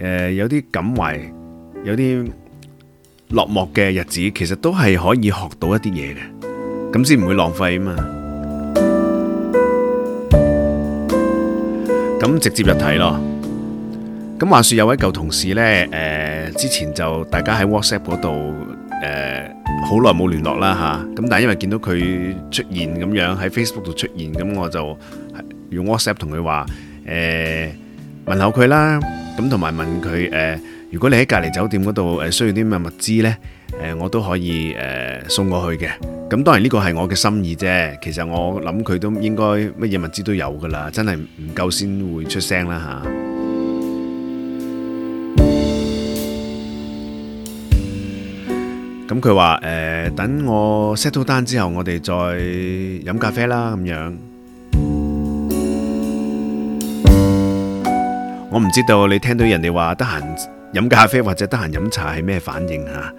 誒，有啲感懷，有啲落寞嘅日子，其實都係可以學到一啲嘢嘅，咁先唔會浪費啊嘛。咁直接入題咯。咁話說有位舊同事呢，誒，之前就大家喺 WhatsApp 嗰度，誒，好耐冇聯絡啦吓。咁但係因為見到佢出現咁樣喺 Facebook 度出現，咁我就用 WhatsApp 同佢話，誒，問候佢啦。咁同埋問佢，誒，如果你喺隔離酒店嗰度，誒需要啲咩物資呢？誒我都可以誒送過去嘅。咁當然呢個係我嘅心意啫，其實我諗佢都應該乜嘢物資都有噶啦，真係唔夠先會出聲啦嚇。咁佢話誒，等我 settle 到單之後，我哋再飲咖啡啦咁樣。我唔知道你聽到人哋話得閒飲咖啡或者得閒飲茶係咩反應嚇，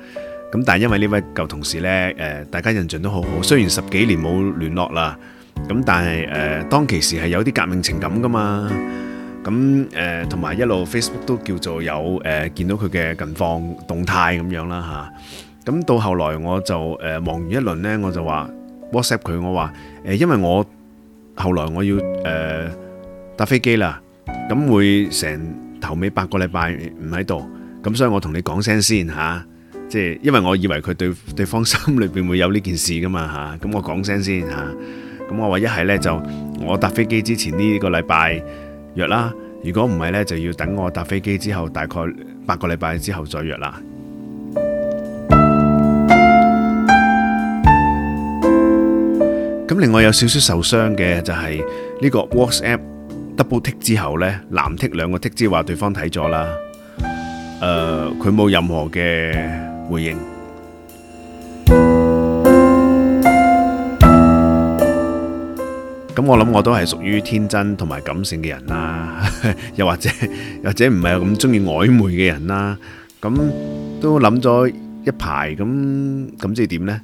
咁但係因為呢位舊同事呢，誒、呃、大家印象都好好，雖然十幾年冇聯絡啦，咁但係誒、呃、當其時係有啲革命情感噶嘛，咁誒同埋一路 Facebook 都叫做有誒、呃、見到佢嘅近況動態咁樣啦嚇，咁、啊、到後來我就誒忙、呃、完一輪呢，我就話 WhatsApp 佢，我話誒、呃、因為我後來我要誒搭、呃、飛機啦。咁會成頭尾八個禮拜唔喺度，咁所以我同你講聲先吓，即係因為我以為佢對對方心裏邊會有呢件事噶嘛吓，咁我講聲先吓，咁我話一係呢就我搭飛機之前呢個禮拜約啦，如果唔係呢就要等我搭飛機之後大概八個禮拜之後再約啦。咁另外有少少受傷嘅就係呢個 WhatsApp。double tick 之後呢，藍 tick 兩個 tick 即係話對方睇咗啦，誒、呃，佢冇任何嘅回應。咁 我諗我都係屬於天真同埋感性嘅人啦，又或者或者唔係咁中意曖昧嘅人啦。咁都諗咗一排，咁咁即係點呢？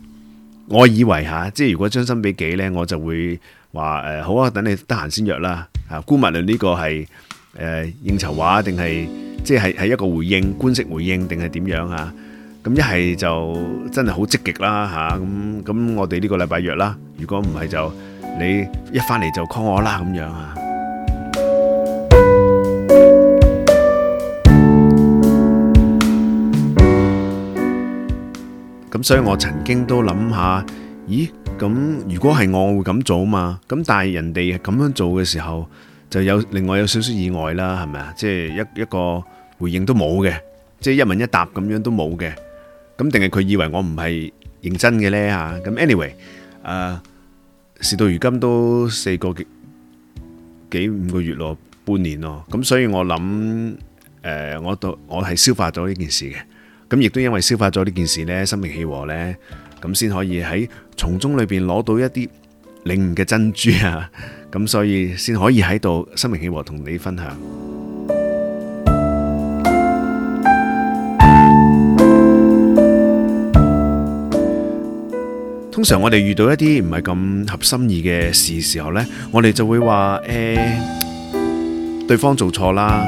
我以為吓，即係如果將心比己呢，我就會話誒、呃，好啊，等你得閒先約啦。啊，姑勿論呢個係誒應酬話定係即係係一個回應，官式回應定係點樣啊？咁一係就真係好積極啦吓，咁咁我哋呢個禮拜約啦，如果唔係就你一返嚟就 call 我啦咁樣啊。咁所以我曾經都諗下，咦？咁如果係我，會咁做啊嘛。咁但係人哋咁樣做嘅時候，就有另外有少少意外啦，係咪啊？即係一一個回應都冇嘅，即係一問一答咁樣都冇嘅。咁定係佢以為我唔係認真嘅呢吓？咁 anyway，誒，事到如今都四個幾幾五個月咯，半年咯。咁所以我諗誒，我度我係消化咗呢件事嘅。咁亦都因為消化咗呢件事呢，心平氣和呢。咁先可以喺從中裏邊攞到一啲領悟嘅珍珠啊！咁 所以先可以喺度心平氣和同你分享。 通常我哋遇到一啲唔係咁合心意嘅事的時候呢，我哋就會話誒、欸，對方做錯啦，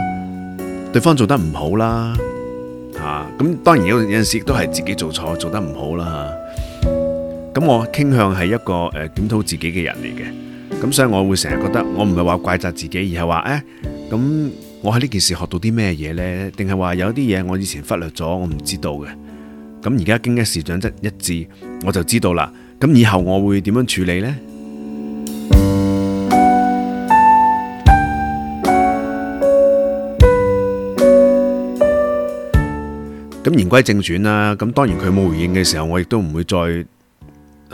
對方做得唔好啦，啊！咁當然有有陣時都係自己做錯做得唔好啦。啊咁我傾向係一個誒檢討自己嘅人嚟嘅，咁所以我會成日覺得我唔係話怪責自己，而係話誒，咁、欸、我喺呢件事學到啲咩嘢呢？定係話有啲嘢我以前忽略咗，我唔知道嘅。咁而家經一事長一智，我就知道啦。咁以後我會點樣處理呢？咁言歸正傳啦，咁當然佢冇回應嘅時候，我亦都唔會再。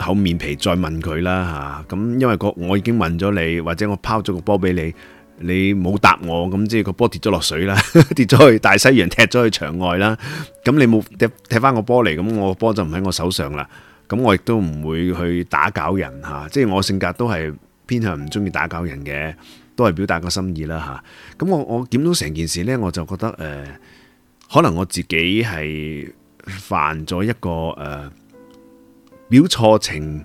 厚面皮再問佢啦嚇，咁因為個我已經問咗你，或者我拋咗個波俾你，你冇答我，咁即係個波跌咗落水啦，跌咗去大西洋，踢咗去場外啦，咁你冇踢踢翻個波嚟，咁我波就唔喺我手上啦，咁我亦都唔會去打攪人嚇，即係我性格都係偏向唔中意打攪人嘅，都係表達個心意啦嚇。咁我我檢討成件事呢，我就覺得誒、呃，可能我自己係犯咗一個誒、呃表錯情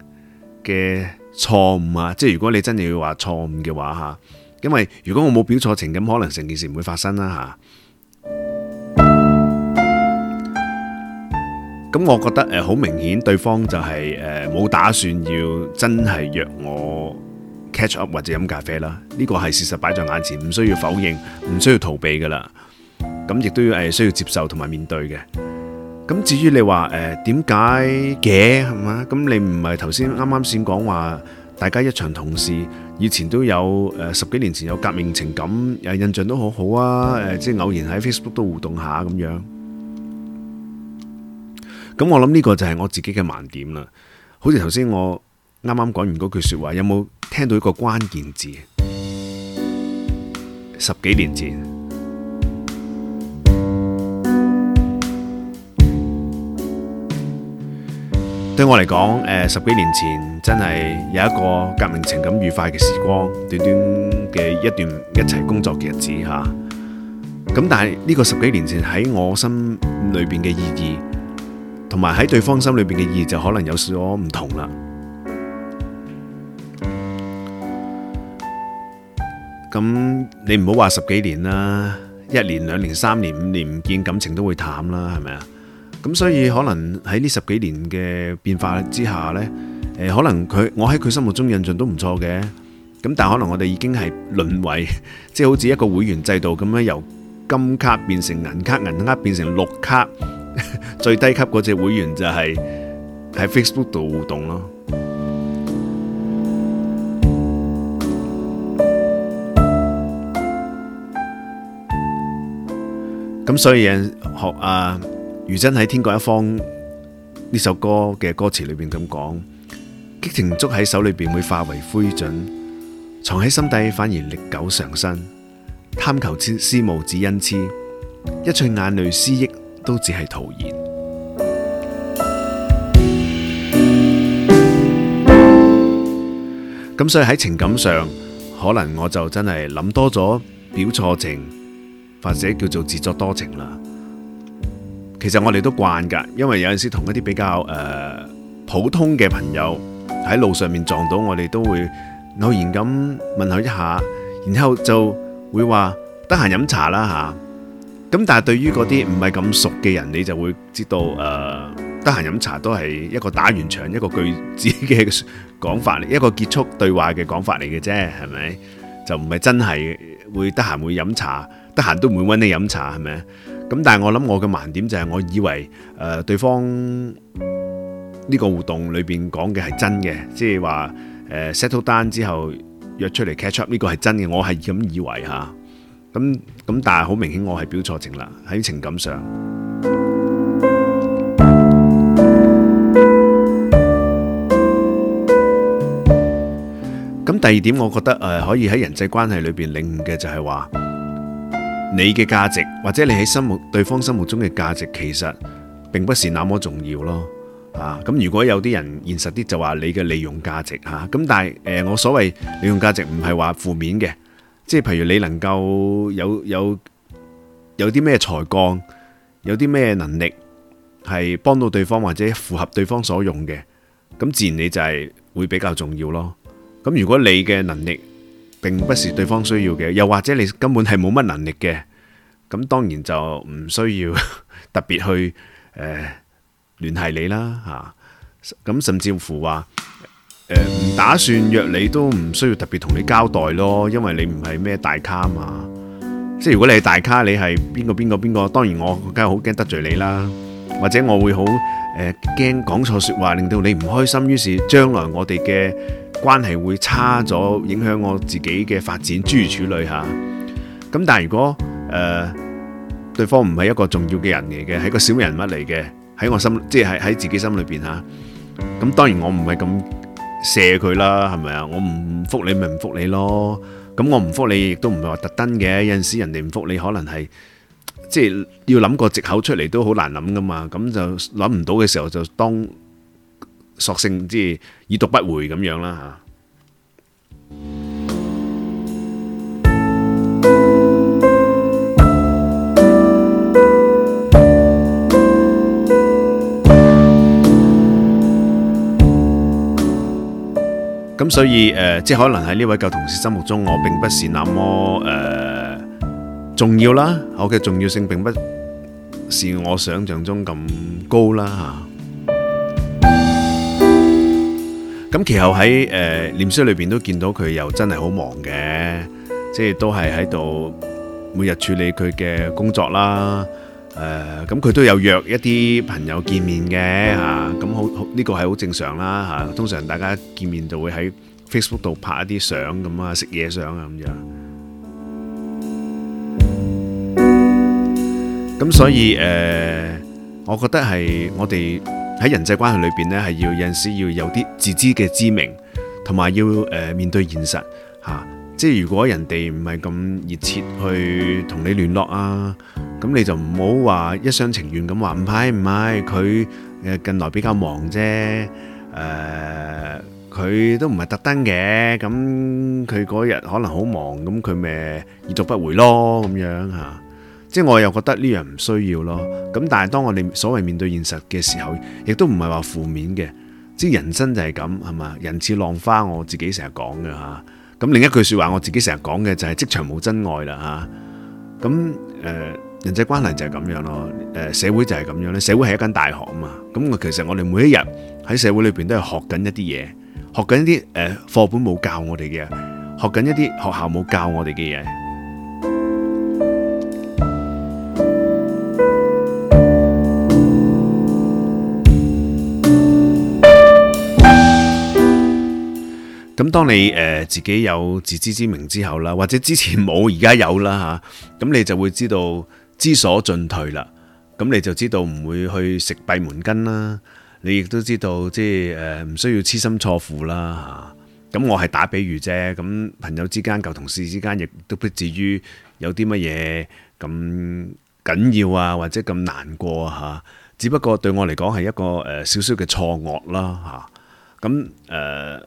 嘅錯誤啊，即係如果你真係要話錯誤嘅話吓，因為如果我冇表錯情，咁可能成件事唔會發生啦吓。咁、嗯、我覺得誒，好明顯對方就係誒冇打算要真係約我 catch up 或者飲咖啡啦。呢、呢個係事實擺在眼前，唔需要否認，唔需要逃避噶啦。咁亦都要需要接受同埋面對嘅。咁至於你話誒點解嘅係嘛？咁你唔係頭先啱啱先講話，大家一場同事以前都有誒十幾年前有革命情感，誒印象都好好啊！誒即係偶然喺 Facebook 都互動下咁樣。咁我諗呢個就係我自己嘅盲點啦。好似頭先我啱啱講完嗰句説話，有冇聽到一個關鍵字？十幾年前。對我嚟講，誒，十幾年前真係有一個革命情感愉快嘅時光，短短嘅一段一齊工作嘅日子吓。咁但係呢個十幾年前喺我心裏邊嘅意義，同埋喺對方心裏邊嘅意義就可能有少少唔同啦。咁你唔好話十幾年啦，一年、兩年、三年、五年唔見感情都會淡啦，係咪啊？咁所以可能喺呢十幾年嘅變化之下呢，誒，可能佢我喺佢心目中印象都唔錯嘅。咁但係可能我哋已經係淪為，即係好似一個會員制度咁樣，由金卡變成銀卡，銀卡變成綠卡，最低級嗰隻會員就係喺 Facebook 度互動咯。咁 所以人學啊～如真喺天各一方呢首歌嘅歌詞裏邊咁講，激情捉喺手裏邊會化為灰燼，藏喺心底反而歷久常新。貪求痴慕只因痴，一串眼淚思憶都只係徒然。咁 所以喺情感上，可能我就真係諗多咗，表錯情，或者叫做自作多情啦。其實我哋都慣㗎，因為有陣時同一啲比較誒、呃、普通嘅朋友喺路上面撞到，我哋都會偶然咁問候一下，然後就會話得閒飲茶啦吓。咁、啊、但係對於嗰啲唔係咁熟嘅人，你就會知道誒，得閒飲茶都係一個打完場一個句子嘅講法嚟，一個結束對話嘅講法嚟嘅啫，係咪？就唔係真係會得閒會飲茶，得閒都唔會搵你飲茶，係咪？咁但係我諗我嘅盲點就係我以為誒，對方呢個互動裏邊講嘅係真嘅，即係話誒 settle down 之後約出嚟 catch up 呢個係真嘅，我係咁以為吓。咁咁但係好明顯我係表錯情啦，喺情感上。咁第二點我覺得誒可以喺人際關係裏邊領悟嘅就係話。你嘅價值或者你喺心目對方心目中嘅價值，其實並不是那麼重要咯。啊，咁如果有啲人現實啲就話你嘅利用價值，吓、啊、咁但係誒、呃，我所謂利用價值唔係話負面嘅，即係譬如你能夠有有有啲咩才幹，有啲咩能力係幫到對方或者符合對方所用嘅，咁自然你就係會比較重要咯。咁如果你嘅能力，並不是對方需要嘅，又或者你根本係冇乜能力嘅，咁當然就唔需要特別去誒聯繫你啦吓。咁甚至乎話誒唔打算約你都唔需要特別同你交代咯，因為你唔係咩大咖嘛。即係如果你係大咖，你係邊個邊個邊個，當然我梗係好驚得罪你啦，或者我會好誒驚講錯說話令到你唔開心，於是將來我哋嘅關係會差咗，影響我自己嘅發展，諸如此類吓。咁但係如果誒對方唔係一個重要嘅人嚟嘅，係個小人物嚟嘅，喺我心即係喺喺自己心裏邊吓。咁當然我唔係咁射佢啦，係咪啊？我唔覆你咪唔覆你咯。咁我唔覆你亦都唔係話特登嘅，有陣時人哋唔覆你，可能係即係要諗個借口出嚟都好難諗噶嘛。咁就諗唔到嘅時候就當。索性即係已讀不回咁樣啦嚇。咁所以誒，即係可能喺呢位舊同事心目中，我並不是那麼誒重要啦。我嘅重要性並不是我想象像中咁高啦嚇。咁其後喺誒臉書裏邊都見到佢又真係好忙嘅，即係都係喺度每日處理佢嘅工作啦。誒，咁佢都有約一啲朋友見面嘅嚇，咁好好呢個係好正常啦嚇。通常大家見面就會喺 Facebook 度拍一啲相咁啊，食嘢相啊咁樣。咁所以誒，我覺得係我哋。喺人際關係裏邊咧，係要有陣時要有啲自知嘅知明，同埋要誒、呃、面對現實吓、啊。即係如果人哋唔係咁熱切去同你聯絡啊，咁你就唔好話一廂情願咁話唔係唔係，佢誒近來比較忙啫。誒、呃，佢都唔係特登嘅，咁佢嗰日可能好忙，咁佢咪已讀不回咯咁樣吓。啊。即係我又覺得呢樣唔需要咯，咁但係當我哋所謂面對現實嘅時候，亦都唔係話負面嘅，即係人生就係咁係嘛，人似浪花，我自己成日講嘅嚇。咁另一句説話，我自己成日講嘅就係職場冇真愛啦嚇。咁誒、呃，人際關係就係咁樣咯，誒、呃，社會就係咁樣咧。社會係一間大學啊嘛，咁其實我哋每一日喺社會裏邊都係學緊一啲嘢，學緊一啲誒課本冇教我哋嘅，學緊一啲學校冇教我哋嘅嘢。咁當你誒、呃、自己有自知之明之後啦，或者之前冇而家有啦吓，咁、啊、你就會知道知所進退啦，咁你就知道唔會去食閉門羹啦，你亦都知道即係誒唔需要痴心錯付啦吓。咁、啊、我係打比喻啫，咁朋友之間、舊同事之間亦都不至於有啲乜嘢咁緊要啊，或者咁難過吓、啊。只不過對我嚟講係一個誒少少嘅錯愕啦吓，咁、啊、誒。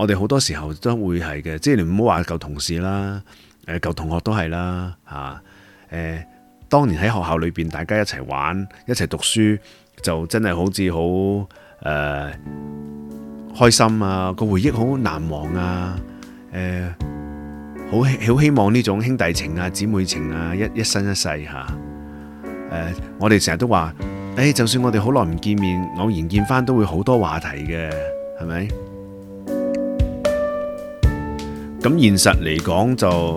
我哋好多時候都會係嘅，即係你唔好話舊同事啦，誒舊同學都係啦，嚇、啊、誒，當年喺學校裏邊大家一齊玩一齊讀書，就真係好似好誒開心啊，個回憶好難忘啊，誒，好、啊、好希望呢種兄弟情啊，姊妹情啊，一一生一世嚇、啊、誒、啊，我哋成日都話誒、哎，就算我哋好耐唔見面，偶然見翻都會好多話題嘅，係咪？咁現實嚟講，就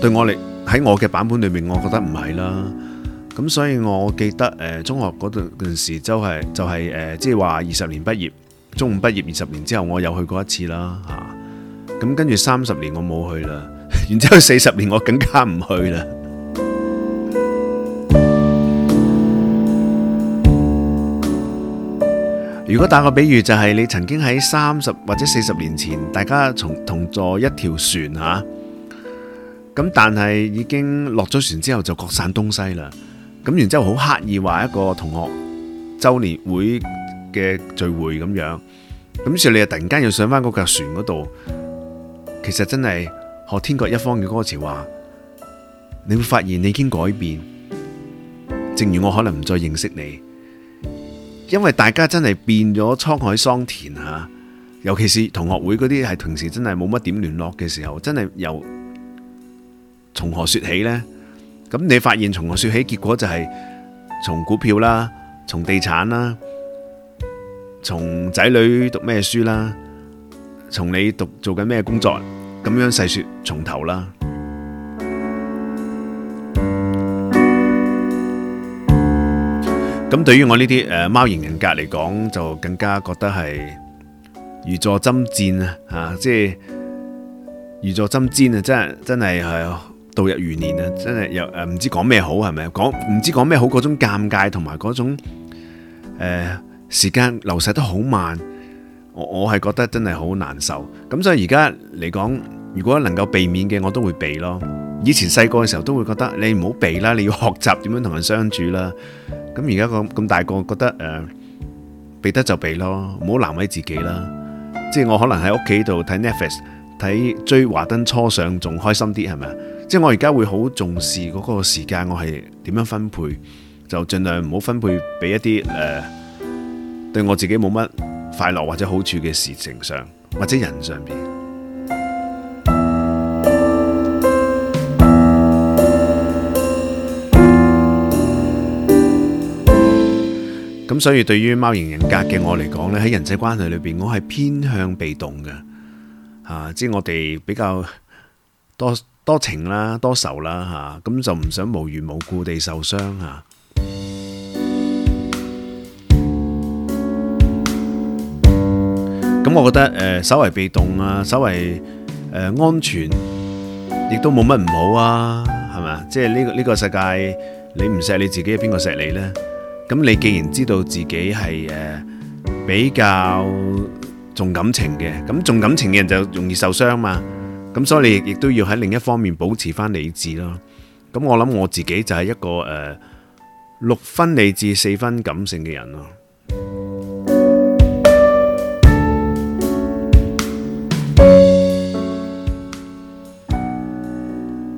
對我嚟喺我嘅版本裏面，我覺得唔係啦。咁所以我記得誒、呃，中學嗰段時、就是，就係、是呃、就係誒，即係話二十年畢業，中五畢業二十年之後，我又去過一次啦吓。咁、啊、跟住三十年我冇去啦，然之後四十年我更加唔去啦。如果打個比喻，就係、是、你曾經喺三十或者四十年前，大家從同坐一條船吓，咁但係已經落咗船之後就各散東西啦。咁然之後好刻意話一個同學周年會嘅聚會咁樣，咁於是你又突然間又上翻嗰架船嗰度，其實真係學《天各一方》嘅歌詞話，你會發現你已經改變，正如我可能唔再認識你。因為大家真係變咗滄海桑田吓，尤其是同學會嗰啲係平時真係冇乜點聯絡嘅時候，真係由從何說起呢？咁你發現從何說起，結果就係從股票啦，從地產啦，從仔女讀咩書啦，從你讀做緊咩工作，咁樣細說從頭啦。咁對於我呢啲誒貓型人格嚟講，就更加覺得係如坐針氈啊，吓、啊、即係如坐針氈啊，真係真係係度日如年啊，真係又誒唔知講咩好係咪？講唔知講咩好，嗰種尷尬同埋嗰種誒、呃、時間流逝得好慢，我我係覺得真係好難受。咁所以而家嚟講，如果能夠避免嘅，我都會避咯。以前細個嘅時候都會覺得你唔好避啦，你要學習點樣同人相處啦。咁而家咁咁大個，覺得誒，避、呃、得就避咯，唔好難為自己啦。即係我可能喺屋企度睇 Netflix，睇追華燈初上仲開心啲，係咪？即係我而家會好重視嗰個時間，我係點樣分配，就盡量唔好分配俾一啲誒、呃、對我自己冇乜快樂或者好處嘅事情上，或者人上邊。咁所以對於貓型人格嘅我嚟講呢，喺人際關係裏邊，我係偏向被動嘅，吓、啊，即係我哋比較多多情啦，多愁啦，吓、啊，咁就唔想無緣無故地受傷吓。咁、啊、我覺得誒，稍、呃、為被動啊，稍為、呃、安全，亦都冇乜唔好啊，係咪？即係呢、呢個呢、呢個世界，你唔錫你自己，邊個錫你呢？咁你既然知道自己係誒比較重感情嘅，咁重感情嘅人就容易受傷嘛。咁所以你亦都要喺另一方面保持翻理智咯。咁我諗我自己就係一個、呃、六分理智四分感性嘅人咯。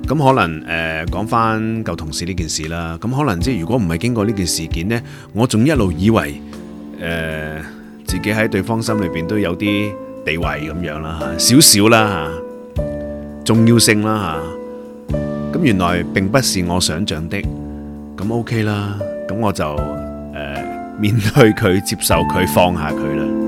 咁可能誒，講翻舊同事呢件事啦。咁可能即係如果唔係經過呢件事件呢，我仲一路以為誒、呃、自己喺對方心裏邊都有啲地位咁樣小小啦，吓少少啦吓重要性啦吓。咁、啊、原來並不是我想象的，咁 OK 啦。咁我就誒、呃、面對佢，接受佢，放下佢啦。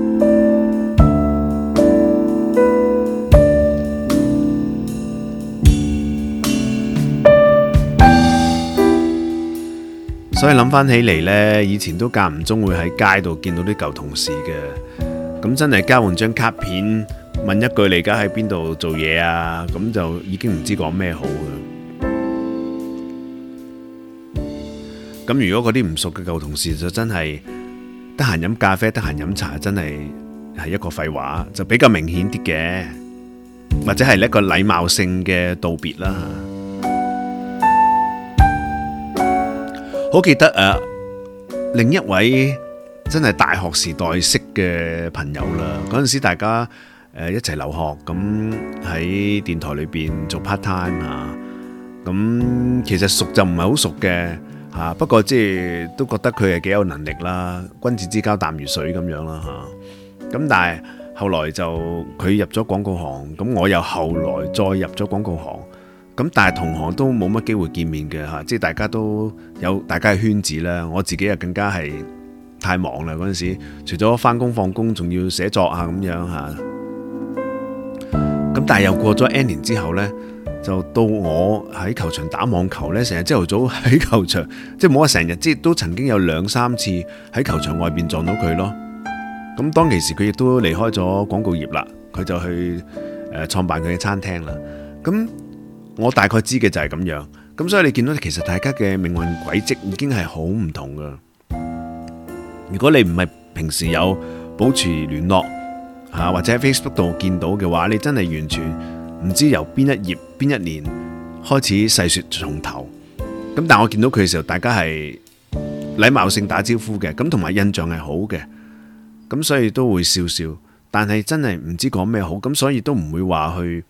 所以諗翻起嚟呢，以前都間唔中會喺街度見到啲舊同事嘅，咁真係交換張卡片，問一句你而家喺邊度做嘢啊，咁就已經唔知講咩好啦。咁如果嗰啲唔熟嘅舊同事就真係得閒飲咖啡，得閒飲茶，真係係一個廢話，就比較明顯啲嘅，或者係一個禮貌性嘅道別啦。好記得誒、啊，另一位真係大學時代識嘅朋友啦。嗰陣時大家誒一齊留學，咁喺電台裏邊做 part time 啊。咁、啊、其實熟就唔係好熟嘅吓、啊，不過即、就、係、是、都覺得佢係幾有能力啦。君子之交淡如水咁樣啦吓。咁、啊啊、但係後來就佢入咗廣告行，咁我又後來再入咗廣告行。咁但係同行都冇乜機會見面嘅吓，即係大家都有大家嘅圈子啦。我自己就更加係太忙啦嗰陣時，除咗翻工放工，仲要寫作啊咁樣吓。咁但係又過咗 N 年之後呢，就到我喺球場打網球呢。成日朝頭早喺球場，即係冇話成日，即都曾經有兩三次喺球場外邊撞到佢咯。咁當其時佢亦都離開咗廣告業啦，佢就去誒創辦佢嘅餐廳啦。咁我大概知嘅就係咁樣，咁所以你見到其實大家嘅命運軌跡已經係好唔同噶如果你唔係平時有保持聯絡，吓、或者喺 Facebook 度見到嘅話，你真係完全唔知由邊一頁邊一年開始細說從頭。咁但我見到佢嘅時候，大家係禮貌性打招呼嘅，咁同埋印象係好嘅，咁所以都會笑笑，但係真係唔知講咩好，咁所以都唔會話去。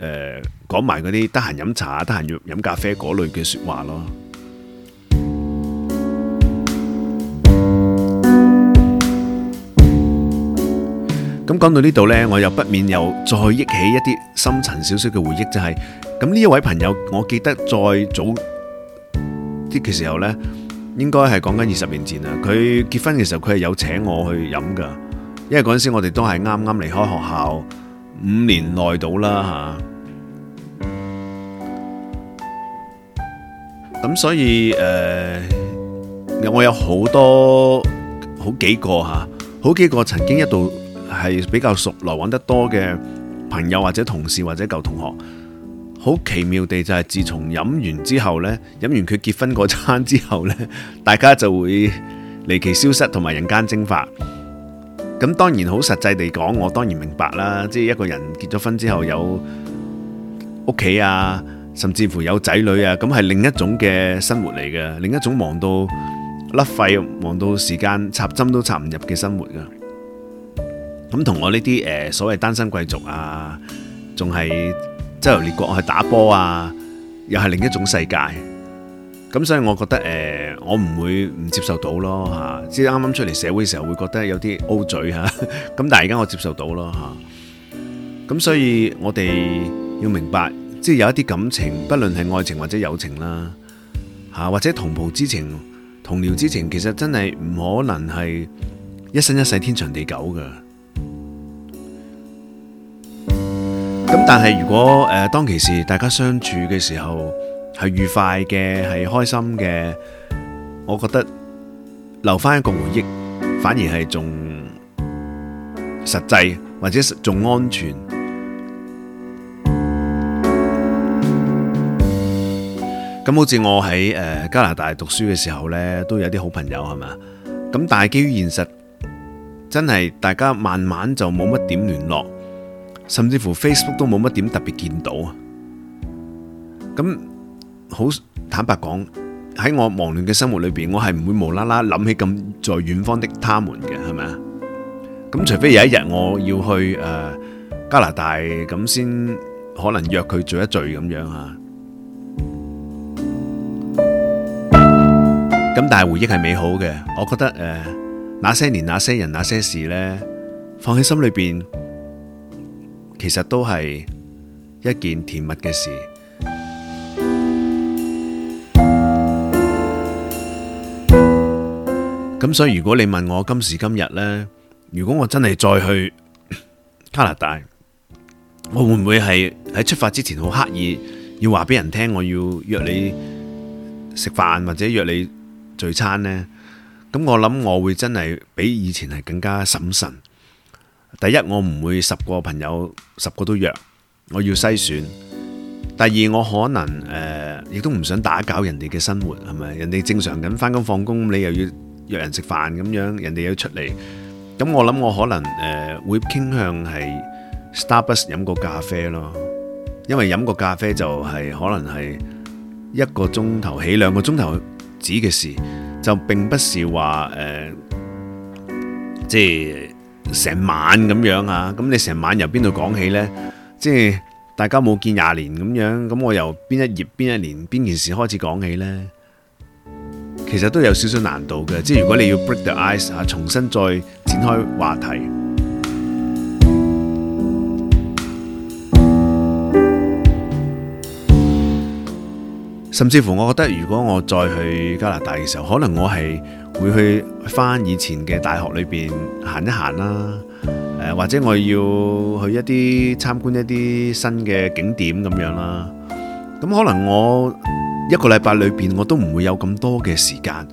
誒、呃，講埋嗰啲得閒飲茶得閒要飲咖啡嗰類嘅說話咯。咁講到呢度呢，我又不免又再憶起一啲深層少少嘅回憶、就是，就係咁呢一位朋友，我記得再早啲嘅時候呢，應該係講緊二十年前啦。佢結婚嘅時候，佢係有請我去飲㗎，因為嗰陣時我哋都係啱啱離開學校。五年內到啦吓，咁、啊、所以誒、呃，我有好多好幾個吓、啊，好幾個曾經一度係比較熟、來往得多嘅朋友或者同事或者舊同學，好奇妙地就係自從飲完之後呢，飲完佢結婚嗰餐之後呢，大家就會離奇消失同埋人間蒸發。咁當然好實際地講，我當然明白啦。即係一個人結咗婚之後有屋企啊，甚至乎有仔女啊，咁係另一種嘅生活嚟嘅，另一種忙到甩肺、忙到時間插針都插唔入嘅生活㗎。咁同我呢啲呃所謂單身貴族啊，仲係周遊列國去打波啊，又係另一種世界。咁所以，我覺得誒，我唔會唔接受到咯嚇。即係啱啱出嚟社會嘅時候，會覺得有啲 O 嘴嚇。咁但係而家我接受到咯嚇。咁所以，我哋要明白，即係有一啲感情，不論係愛情或者友情啦嚇，或者同袍之情、同僚之情，其實真係唔可能係一生一世天長地久㗎。咁但係，如果誒當其時大家相處嘅時候，係愉快嘅，係開心嘅。我覺得留翻一個回憶，反而係仲實際或者仲安全。咁好似我喺誒、呃、加拿大讀書嘅時候咧，都有啲好朋友係嘛。咁但係基於現實，真係大家慢慢就冇乜點聯絡，甚至乎 Facebook 都冇乜點特別見到啊。咁好坦白講，喺我忙亂嘅生活裏邊，我係唔會無啦啦諗起咁在遠方的他們嘅，係咪啊？咁除非有一日我要去誒加拿大，咁先可能約佢聚一聚咁樣啊。咁但係回憶係美好嘅，我覺得誒，那些年那些人那些事呢，放喺心裏邊，其實都係一件甜蜜嘅事。咁所以如果你問我今時今日咧，如果我真係再去加拿大，我會唔會係喺出發之前好刻意要話俾人聽我要約你食飯或者約你聚餐咧？咁我諗我會真係比以前係更加審慎。第一，我唔會十個朋友十個都約，我要篩選。第二，我可能誒、呃、亦都唔想打攪人哋嘅生活，係咪？人哋正常咁翻工放工，你又要。約人食飯咁樣，人哋要出嚟，咁我諗我可能誒、呃、會傾向係 Starbucks 飲個咖啡咯，因為飲個咖啡就係可能係一個鐘頭起兩個鐘頭止嘅事，就並不是話誒、呃、即係成晚咁樣啊！咁你成晚由邊度講起呢？即係大家冇見廿年咁樣，咁我由邊一頁、邊一年、邊件事開始講起呢？其實都有少少難度嘅，即係如果你要 break the ice 吓，重新再展開話題。甚至乎，我覺得如果我再去加拿大嘅時候，可能我係會去翻以前嘅大學裏邊行一行啦，呃，或者我要去一啲參觀一啲新嘅景點咁樣啦。咁可能我。一個禮拜裏邊我都唔會有咁多嘅時間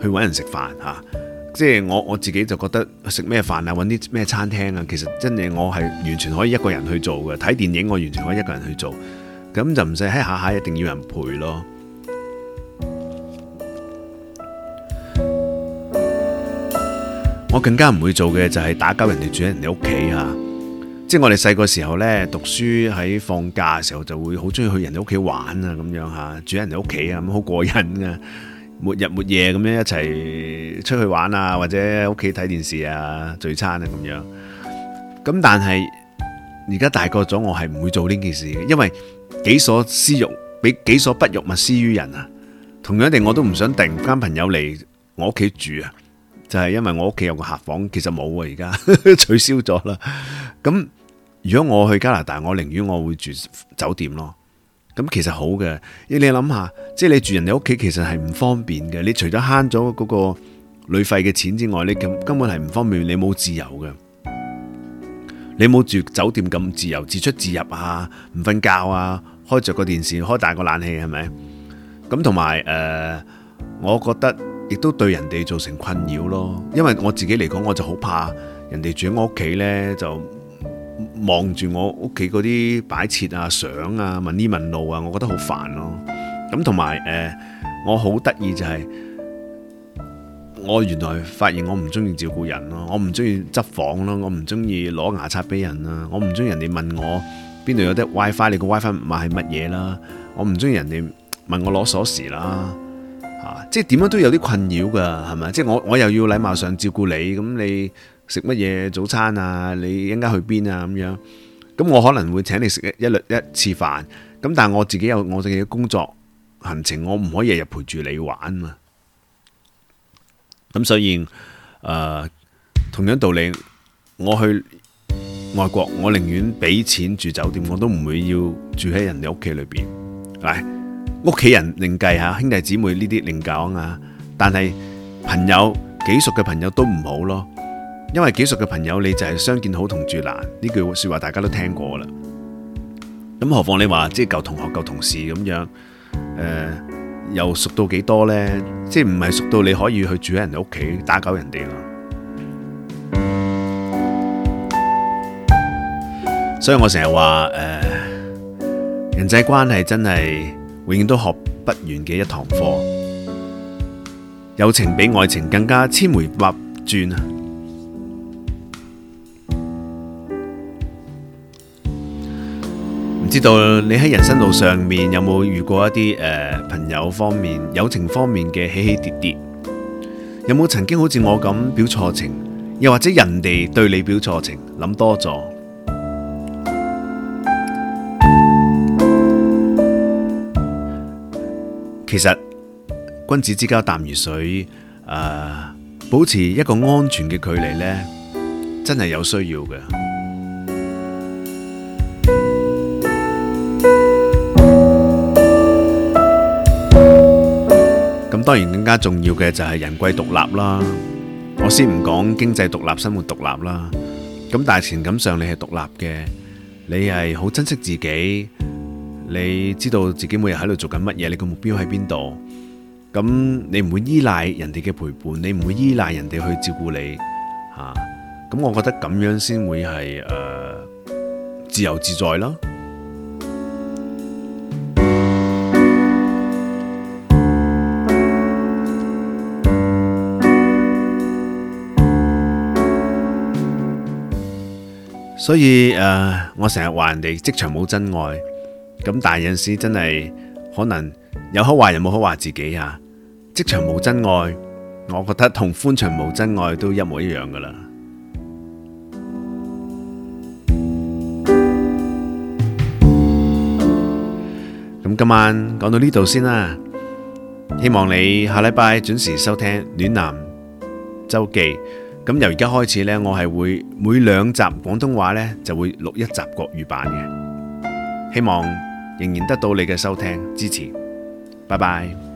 去搵人食飯吓，即係我我自己就覺得食咩飯啊，搵啲咩餐廳啊，其實真嘅我係完全可以一個人去做嘅。睇電影我完全可以一個人去做，咁就唔使喺下下一定要人陪咯。我更加唔會做嘅就係打攪人哋住喺人哋屋企吓。啊即係我哋細個時候呢，讀書喺放假嘅時候就會好中意去人哋屋企玩啊，咁樣吓住喺人哋屋企啊，咁好過癮啊，冇日冇夜咁樣一齊出去玩啊，或者屋企睇電視啊，聚餐啊咁樣。咁但係而家大個咗，我係唔會做呢件事嘅，因為己所私欲，俾己所不欲，勿施於人啊。同樣地，我都唔想突然間朋友嚟我屋企住啊，就係因為我屋企有個客房，其實冇啊，而家取消咗啦。咁如果我去加拿大，我寧願我會住酒店咯。咁其實好嘅，你諗下，即係你住人哋屋企其實係唔方便嘅。你除咗慳咗嗰個旅費嘅錢之外，你根本係唔方便，你冇自由嘅。你冇住酒店咁自由自出自入啊，唔瞓覺啊，開着個電視，開大個冷氣，係咪？咁同埋誒，我覺得亦都對人哋造成困擾咯。因為我自己嚟講，我就好怕人哋住喺我屋企呢就。望住我屋企嗰啲擺設啊、相啊、問呢問路啊，我覺得好煩咯。咁同埋誒，我好得意就係、是、我原來發現我唔中意照顧人咯，我唔中意執房咯，我唔中意攞牙刷俾人，人，人啊，我唔中意人哋問我邊度有得 WiFi，你個 WiFi 密碼係乜嘢啦？我唔中意人哋問我攞鎖匙啦。嚇，即係點樣都有啲困擾㗎，係咪？即係我我又要禮貌上照顧你，咁你。食乜嘢早餐啊？你應該去邊啊？咁樣咁，我可能會請你食一一律一次飯咁，但係我自己有我自己嘅工作行程，我唔可以日日陪住你玩嘛。咁所以誒，同樣道理，我去外國，我寧願俾錢住酒店，我都唔會要住喺人哋屋企裏邊。係屋企人另計吓，兄弟姊妹呢啲另講啊。但係朋友幾熟嘅朋友都唔好咯。因為幾熟嘅朋友，你就係相見好同住難呢句說話，大家都聽過啦。咁何況你話即係舊同學、舊同事咁樣，誒、呃，又熟到幾多呢？即係唔係熟到你可以去住喺人哋屋企打攪人哋咯。所以我成日話誒，人際關係真係永遠都學不完嘅一堂課。友情比愛情更加千回百轉啊！知道你喺人生路上面有冇遇過一啲誒、呃、朋友方面、友情方面嘅起起跌跌？有冇曾經好似我咁表錯情，又或者人哋對你表錯情，諗多咗？其實君子之交淡如水，誒、呃，保持一個安全嘅距離咧，真係有需要嘅。當然更加重要嘅就係人貴獨立啦，我先唔講經濟獨立、生活獨立啦，咁但係情感上你係獨立嘅，你係好珍惜自己，你知道自己每日喺度做緊乜嘢，你個目標喺邊度，咁你唔會依賴人哋嘅陪伴，你唔會依賴人哋去照顧你，吓，咁我覺得咁樣先會係誒自由自在囉。所以誒，我成日話人哋職場冇真愛，咁但係有陣時真係可能有好話人冇好話自己啊。職場冇真愛，我覺得同歡場冇真愛都一模一樣噶啦。咁今晚講到呢度先啦，希望你下禮拜準時收聽《暖男周記》。咁由而家開始呢，我係會每兩集廣東話呢就會錄一集國語版嘅，希望仍然得到你嘅收聽支持。拜拜。